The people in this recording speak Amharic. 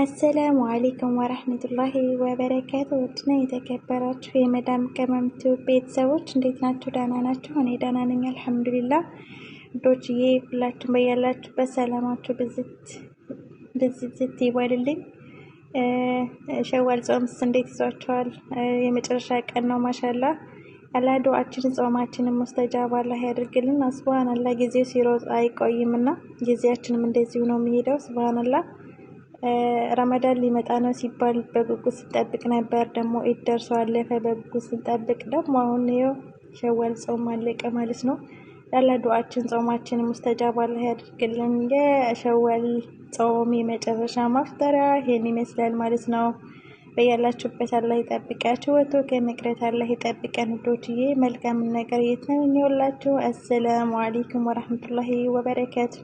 አሰላሙ አሌይኩም ወረህመቱላሂ ወበረካቱ። ውድና የተከበራችሁ የመዳም ቅመምት ቤተሰቦች እንዴት ናችሁ? ደህና ናችሁ? እኔ ደህና ነኝ አልሐምዱሊላህ። ውዶችዬ ሁላችሁም በያላችሁበት ሰላማችሁ ብዝዝት ይበልልኝ። ሸዋል ጾምስ እንዴት ይዟችኋል? የመጨረሻ ቀን ነው። ማሻላ አላህ ዱዓችንን ጾማችንን ሙስተጃብ አላህ ያደርግልን። ስብሃን አላህ ጊዜው ሲሮጥ አይቆይምና ጊዜያችንም እንደዚሁ ነው የሚሄደው። ስብሃን አላህ ረመዳን ሊመጣ ነው ሲባል በጉጉት ስንጠብቅ ነበር። ደግሞ ኢድ ደርሶ አለፈ በጉጉት ስንጠብቅ። ደግሞ አሁን ይኸው ሸዋል ጾም አለቀ ማለት ነው። ያለ ዱዓችን ጾማችን ሙስተጃብ አላህ ያድርግልን። የሸዋል ጾም የመጨረሻ ማፍጠሪያ ይሄን ይመስላል ማለት ነው። በያላችሁበት አላህ ይጠብቃችሁ። ወቶ ከመቅረት አላህ ይጠብቀን። ዶችዬ መልካምን ነገር እየተመኘሁላችሁ፣ አሰላሙ አለይኩም ወራህመቱላሂ ወበረከቱ።